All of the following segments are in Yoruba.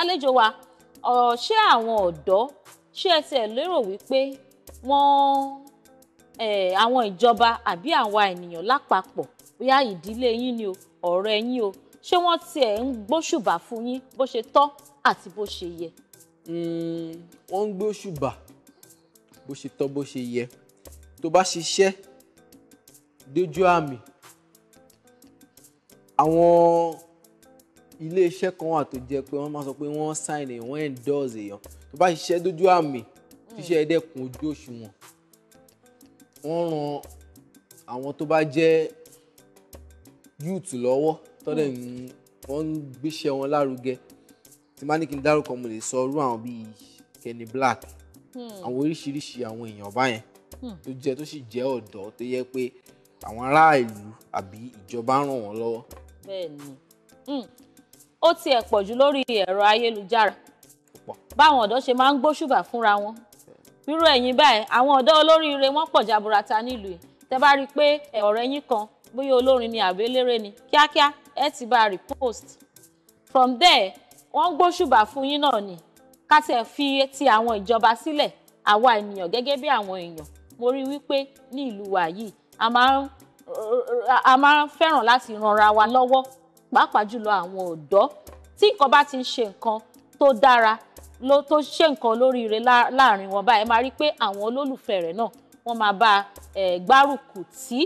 àlejò wa ṣé àwọn ọ̀dọ́ ṣé ẹ tiẹ̀ lérò wípé wọ́n àwọn ìjọba àbí àwa ènìyàn lápapọ̀ bóyá ìdílé yín ni o ọ̀rẹ́ yín o ṣé wọ́n tiẹ̀ ń gbóṣùbà fún yín bó ṣe tọ́ àti bó ṣe yẹ. Hmm, wọ́n ń gbóṣùbà bó ṣe tọ́ bó ṣe yẹ tó bá ṣiṣẹ́ dójú àmì àwọn iléeṣẹ́ kan wà tó jẹ́ pé wọ́n máa sọ pé wọ́n sign èèyàn wọ́n endorse èèyàn tó bá ṣiṣẹ́ dójú àmì ṣiṣẹ́ mm. ẹ̀ẹ́dẹ́kun ojú òṣùwọ̀n wọ́n ran àwọn tó bá jẹ́ youth lọ́wọ́ tọ́lẹ̀ mm. wọ́n ń gbéṣẹ́ wọn lárugẹ tí má ní kí n dárúkọ mo lè sọ irú àwọn bíi Kenny Black hmm. àwọn oríṣiríṣi àwọn èèyàn báyẹn hmm. tó jẹ́ tó sì jẹ́ ọ̀dọ́ tó yẹ pé àwọn aráàlú àbí ìjọba ràn wọ́n lọ́wọ́. bẹ́ẹ̀ni hmm ó tiẹ̀ pọ̀ jù lórí ẹ̀rọ ayélujára báwọn ọ̀dọ́ ṣe máa ń gbóṣùbà fúnra wọn irú ẹ̀yin báyìí àwọn ọ̀dọ́ olóríire wọ́n pọ̀ jaburata nílùú yìí tẹ́ bá rí i pé ọ̀rẹ́ yín kan bóyá olórin ni àbélére ni kíákíá ẹ ti bá a repost from there wọ́n gbóṣùbà fún yín náà ni ká tẹ̀ fi ti àwọn ìjọba sílẹ̀ àwa ènìyàn gẹ́gẹ́ bí àwọn èèyàn mo rí wípé ní ìlú wa yìí a máa ń láti ranra wa lọ́wọ́ pàápàá jùlọ àwọn ọ̀dọ́ tí nǹkan bá ti ń ṣe nǹkan tó dára ló tó ṣe nǹkan lóríire láàrin wọn báyìí ẹ máa rí i pé àwọn olólùfẹ́ rẹ̀ náà wọ́n máa bá ẹ gbárùkù tí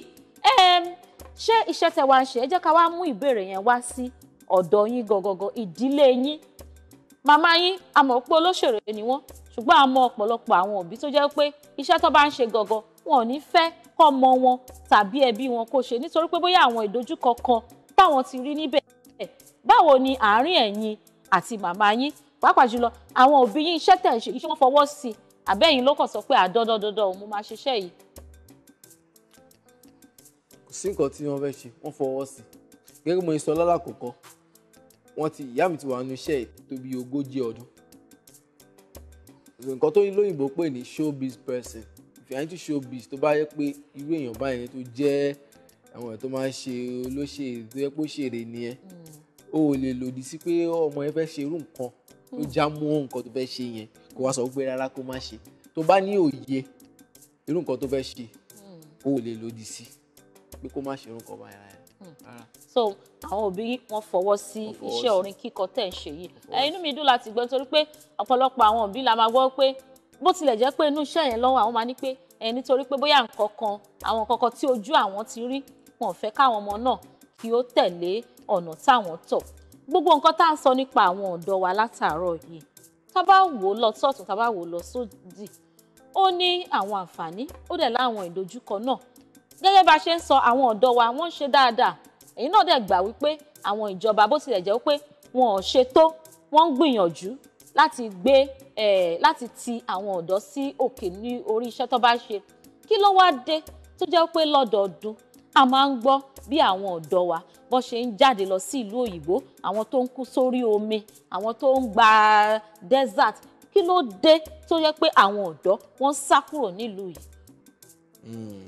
ṣé iṣẹ́ tẹ wá ń ṣe ẹ jẹ́ ká wá mú ìbéèrè yẹn wá sí ọ̀dọ̀ yín gọ̀gọ̀gọ̀ ìdílé yín màmá yín a pé olóṣèré ni wọ́n ṣùgbọ́n a mọ̀ ọ̀pọ̀lọpọ̀ àwọn òbí tó jẹ́ pé iṣẹ́ tó bá ń ṣe gọ̀gọ̀ wọn ò ní fẹ́ kọ́mọ wọn tàbí ẹbí wọn kó ṣe nítorí pé bóyá àwọn ìdojúkọ kan táwọn ti rí níbẹ̀ báwo ni àárín ẹ̀yin àti màmá yín pàápàá jùlọ àwọn òbí yín iṣẹ́ tẹ̀ ṣe iṣẹ́ wọn fọwọ́ sí i àbẹ́yìn ló kàn sọ pé àdọ́dọ́dọ́dọ́ òun mo máa ṣiṣẹ́ yìí. kò sí nǹkan tí wọ́n fẹ́ ṣe wọ́n fọwọ́ sí i gẹ́gẹ́ mo sọ lálàkọ́kọ́ wọ́n ti ìyá mi ti wà nínú iṣẹ́ tó bí ogójì ọdún nǹkan tó ní lóyìnbó pè ní showbiz person if you are into showbiz tó bá yẹ pé irú èèyàn báyẹn tó jẹ́ àwọn èèyàn tó máa ń ṣe olóṣè tó yẹ kó ṣèrè nìyẹn o ò lè lòdì sí pé ọmọ yẹn fẹ́ ṣe irú nǹkan tó hmm. já mọ́ nǹkan tó fẹ́ ṣe yẹn kó wá sọ pé rárá kó má ṣe tó bá ní òye irú nǹkan tó fẹ́ ṣe hmm. o ò lè lòdì sí pé kó má ṣe irú nǹkan báyìí rárá. Hmm. so àwọn òbí wọn fọwọ́ sí iṣẹ́ orin kíkọ tẹ̀ ń ṣe yìí inú mi dùn láti gbọ́ nítorí pé ọ̀pọ̀lọpọ̀ àwọn òbí la máa gbọ́ pé bó tilẹ̀ jẹ́ pé inú iṣẹ́ yẹn lọ́wọ́ àwọn máa ní pé ẹ̀ nítorí pé bóyá nǹkan kan àwọn nǹkan kan tí ojú àwọn ti rí wọn fẹ́ káwọn ọmọ náà kí ó tẹ̀lé ọ̀nà táwọn tọ̀ gbogbo nǹkan tá a sọ nípa àwọn ọ̀dọ́ wa látàárọ̀ yìí tá bá wò ó lọ sọ́tún tá bá wò ó lọ sódì ó ní àwọn àǹfààní ó dẹ̀ láwọn ìdojúkọ náà gẹ́gẹ́ bá a ṣe ń sọ àwọn ọ̀dọ́ wa wọ́n ń ṣe dáadáa èyí náà dẹ̀ gbà wípé àwọn ìjọba bó tilẹ̀ jẹ́ pé wọn ò ṣe tó wọ́n ń gbìyànjú láti gbé eh, láti ti àwọn ọ̀dọ́ sí òkè ní orí iṣẹ́ tó bá ṣe kí ló wá dé tó jẹ́ pé lọ́dọọdún a máa ń gbọ́ bí àwọn ọ̀dọ́ wa bó ṣe ń jáde lọ sí ìlú òyìnbó àwọn tó ń kú sórí omi àwọn tó ń gba desert kí ló dé tó yẹ pé àwọn ọ̀dọ́ wọ́n sá kúrò nílùú yìí. Hmm,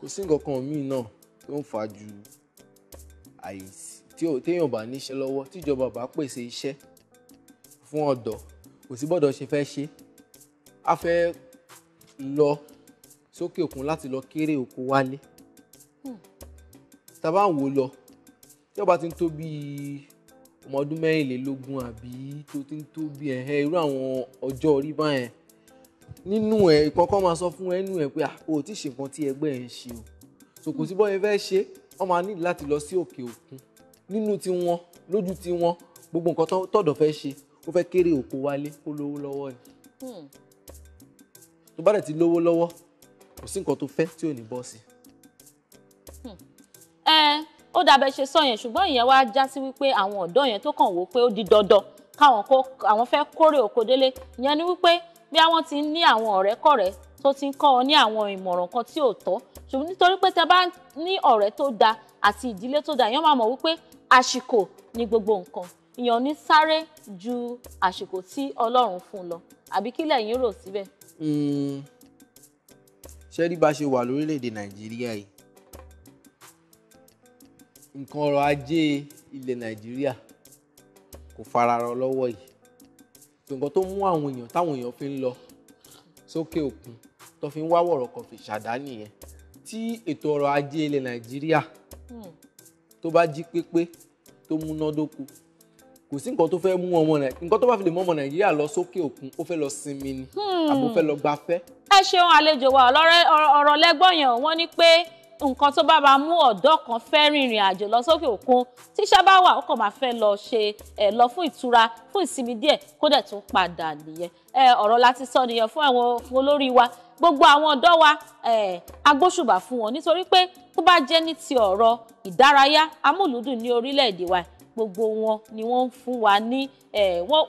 kò sí nǹkan kan míì náà tó ń fa ju àìsí téèyàn bá níṣẹ́ lọ́wọ́ tíjọba bá pèsè iṣẹ́ fún ọ̀dọ́ kò sí bọ́dọ̀ ṣe fẹ́ ṣe a fẹ́ lọ sókè òkun láti lọ kéré oko wálé tá a bá ń wò lọ tí ọba ti ń tó bíi ọmọ ọdún mẹ́rìnlélógún àbí tó ti ń tó bíi ẹ̀hẹ́ irú àwọn ọjọ́ orí báyẹn nínú ẹ̀ ìkọ̀ọ̀kan máa sọ fún ẹnu ẹ̀ pé o ti ṣe nǹkan tí ẹgbẹ́ ẹ̀ ń ṣe o so kò sí bọ́yẹn fẹ́ ṣe wọ́n máa ní láti lọ sí òkè òkun nínú tiwọn lójú tiwọn gbogbo nǹkan tọ̀dọ̀ fẹ́ ṣe ó fẹ́ kéré òkú wálé kó lówó lọ́wọ́ ni hmm. tó bá dẹ̀ ti lówó lọ́wọ́ kò sí nǹkan tó fẹ́ tí ò ní bọ́ sí hmm ẹ ó dàbẹ ṣe sọ yẹn ṣùgbọ́n ìyẹn wá já sí wípé àwọn ọ̀dọ́ yẹn tó kàn wò pé ó di dandan káwọn kó àwọn fẹ́ kórè oko délé ìyẹn ni wípé bí àwọn ti ní àwọn ọ̀rẹ́kọ̀rẹ́ tó ti ń kọ́ ọ ní àwọn ìmọ̀ràn kan tí ò tọ́ ṣùgbọ́n nítorí pé tẹ bá ní ọ̀rẹ́ tó da àti ìdílé tó da èèyàn máa mọ̀ wípé àsìkò ni gbogbo nǹkan èèyàn ní sáré ju àsìkò tí Ọlọ́run fún lọ àbí kí lẹ̀yin rò síbẹ̀. Hmm. ṣé rí bá ṣe wà lórílẹ̀‐èdè Nàìjíríà yìí nǹkan ọrọ̀ ajé ilẹ̀ nàìjíríà kò fara rọ lọ́wọ́ yìí nǹkan tó mú àwọn èèyàn táwọn èèyàn fi ń lọ sókè òkun tó fi ń wá wọ̀rọ̀ kan fi ṣàdá nìyẹn tí ètò ọrọ̀ ajé ilẹ̀ nàìjíríà hmm. tó bá jí pépé tó múnádóko kò sí nǹkan tó fẹ́ mú ọmọ nàìjíríà nǹkan tó bá fi lè mú ọmọ nàìjíríà lọ sókè òkun ó fẹ́ lọ sinmi ni hmm. àbò fẹ́ lọ gbafẹ́. ẹ ṣeun àlejò wa ọ̀rọ̀ lẹ́gbọ́n yẹn wọ́n ní pé nǹkan tó bá máa mú ọ̀dọ́ kan fẹ́ rìnrìn àjò lọ sókè òkun tíṣẹ́ bá wà ó kàn máa fẹ́ lọ ṣe ẹ̀ lọ fún ìtura fún ìsinmi díẹ̀ kó dẹ̀ tún padà nìyẹn ẹ ọ̀rọ̀ láti sọ nìyẹn fún àwọn olórí wa gbogbo àwọn ọ̀dọ́ wa agbóṣùbà fún wọn nítorí pé tó bá jẹ́ ní ti ọ̀rọ̀ ìdárayá amúlùúdùn ní orílẹ̀-èdè wa gbogbo wọn ni wọ́n ń fún wa ní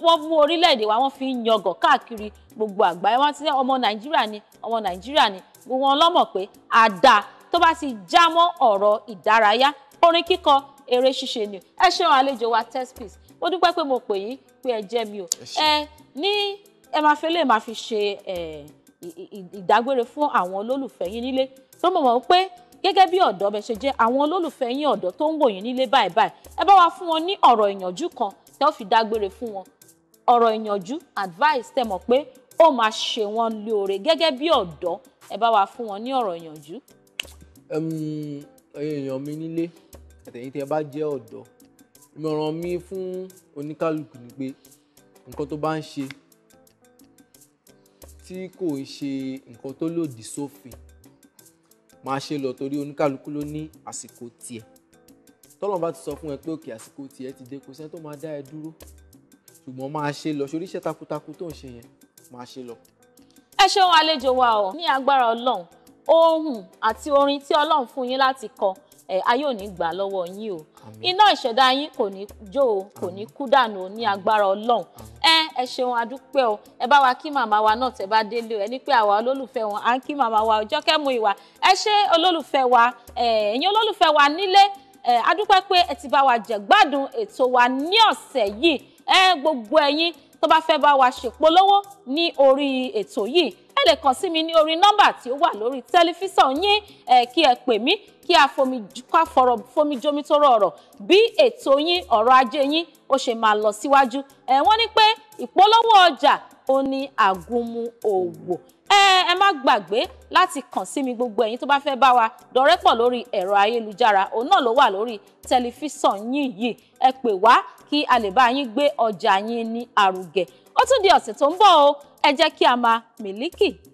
wọ́n mú orílẹ̀-èdè wa wọ́n fi ń yangàn káàkiri gbogbo àgbáyé wọ́n ti ní ọmọ nàìjíríà ni ọmọ nàìjíríà ni gbogbo wọn lọ́mọ̀ pé àdá tó bá ti já mọ́ ọ̀rọ̀ ìdárayá orin kíkọ eré ṣíṣe ni ẹ ṣeun àlejò wa Tezpeace ó dúpẹ́ pé mo pè yín pé ẹ jẹ́ mi o ẹ ní ẹ máa fẹ́ lè máa fi ṣe ìdágbére fún àwọn olólùfẹ́ yín nílé tó mọ̀ mọ́ pé gẹ́gẹ́ bí ọ̀dọ́ bẹ ṣe jẹ́ àwọn olólùfẹ́ yín ọ̀dọ́ tó ń wò yín nílé báyìí báyìí ẹ bá wa fún wọn ní ọ̀rọ̀ ìyànjú kan tẹ́ ó fi dágbére fún wọn ọ̀rọ̀ ìyànjú advice tẹ́ mọ̀ pé ó máa ṣe wọ́n lóore gẹ́gẹ́ bí ọ̀dọ́ ẹ bá wa fún wọn ní ọ̀rọ̀ ìyànjú èèyàn mi nílé àtẹ̀yìn tí ẹ bá jẹ́ ọ̀dọ́ ìmọ̀ràn mi fún oníkálukú ni pé nǹkan tó bá ń ṣe tí kò ń ṣe nǹkan tó lòdì sófin máa ṣe lọ torí oníkálukú ló ní àsìkò tiẹ̀ tọ́lọ́n bá ti sọ fún ẹ pé òkè àsìkò tiẹ̀ ti dé kò sẹ́ni tó máa dá ẹ dúró ṣùgbọ́n máa ṣe lọ sórí takuntakun tó ń ṣe yẹn máa ṣe lọ. ẹ ṣeun àlejò wa o ní agbára Ọlọ́run ohun àti orin tí Ọlọ́run fún yín láti kọ ẹ ayé ò ní gbà lọ́wọ́ yín o iná ìṣẹ̀dá yín kò ní jó o kò ní kú dànù o ní agbára Ọlọ́run ẹ ẹ ṣeun adúpẹ́ o ẹ bá wa kí màmá wa náà tẹ́ bá délé o ẹ ní pé àwa olólùfẹ́ wọn à ń kí màmá wa Jọkẹ́ Múyìwá ẹ ṣé olólùfẹ́ wa ẹ̀yin olólùfẹ́ wa nílé adúpẹ́ pé ẹ ti bá wa jẹ gbádùn ètò wa ní ọ̀sẹ̀ yìí ẹ gbogbo ẹ̀yin tó bá fẹ́ bá wa ṣèpolówó ní orí ètò yìí ẹ lè kàn sí mi ní orí nọ́mbà tí ó wà lórí tẹlifíṣàn yín kí ẹ pè mí kí a fomi ká fọ̀rọ̀ fomi jomi tóró ọ̀rọ̀ bí ètò yín ọ̀rọ̀ ajé yín ó ṣe máa lọ síwájú ẹ wọ́n ní pé ìpolówó ọjà ó ní àgúnmu òwò ẹ ẹ má gbàgbé láti kàn sí mi gbogbo ẹ̀yin tó bá fẹ́ bá wa dọ̀rẹ́pọ̀ lórí ẹ̀rọ ayélujára òun náà ló wà lórí tẹlifíṣàn yín yìí ẹ pè wá kí a lè bá yín gbé ọjà yín ní àrùgẹ ó tún di ọ̀sẹ̀ tó ń bọ̀ o ẹ jẹ́ kí a máa mílíkì